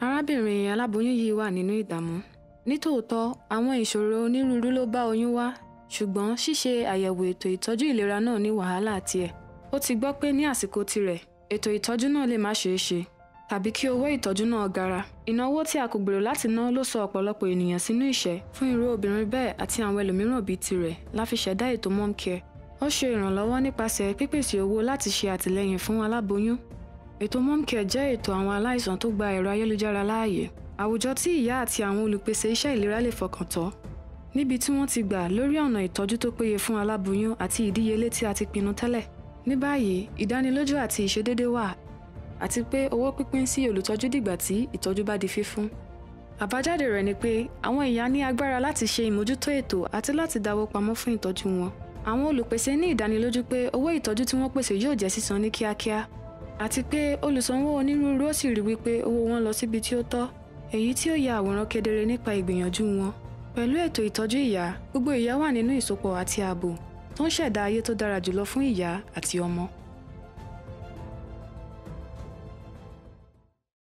arábìnrin aláboyún yìí wà nínú ìdààmú nítòótọ́ àwọn ìṣòro onírúurú ló bá oyún wá ṣùgbọ́n ṣíṣe àyẹ̀wò ètò ìtọ́jú ìlera náà ní wàhálà tiẹ̀ ó ti gbọ́ pé ní àsìkò tirẹ̀ ètò ìtọ́jú náà lè má ṣeé ṣe tàbí kí owó ìtọ́jú náà gara ìnáwó tí a kò gbèrò láti ná ló sọ ọ̀pọ̀lọpọ̀ ènìyàn sínú ìṣẹ́ fún irú obìnrin bẹ́ẹ̀ àti àwọn ẹlòmíràn bíi tirẹ̀ la fi ṣẹ̀dá ètò ó ṣe ìrànlọ́wọ́ nípasẹ̀ pípèsè owó láti ṣe àtìlẹ́yìn fún aláboyún ètò momcare jẹ́ ètò àwọn aláìsàn tó gba ẹ̀rọ ayélujára láàyè àwùjọ tí ìyá àti àwọn olùpèsè iṣẹ́ ìlera lè fọkàn tán níbi tí wọ́n ti gbà lórí ọ̀nà ìtọ́jú tó péye fún aláboyún àti ìdíyelé tí a ti pinnu tẹ́lẹ̀ ní báyìí ìdánilójú àti ìṣedédé wà àti pé owó pínpín sí olùtọ́jú dìgbà tí ìtọ́jú bá di fífún àbájáde rẹ̀ ni pé àwọn ìyá ní agbára láti ṣe ìmójútó ètò àti láti dáwó pamọ́ fún ìtọ́jú wọn àwọn olùpèsè ní ìdánilójú pé owó ìtọ́jú tí wọ́n pèsè yóò jẹ́ sísan ní kíákíá àti pé olùsanwó onírúurú ó sì rí wípé owó wọn lọ síbi tí ó tọ́ èyí tí ó ya àwòrán kedere nípa ìgbìyànjú wọn pẹ̀lú ètò ìtọ́jú ìyá gbogbo ìyá wà nínú ìsopọ̀ àti ààbò tó ń ṣẹ̀dá ayé tó dára jùlọ fún ìyá àti ọmọ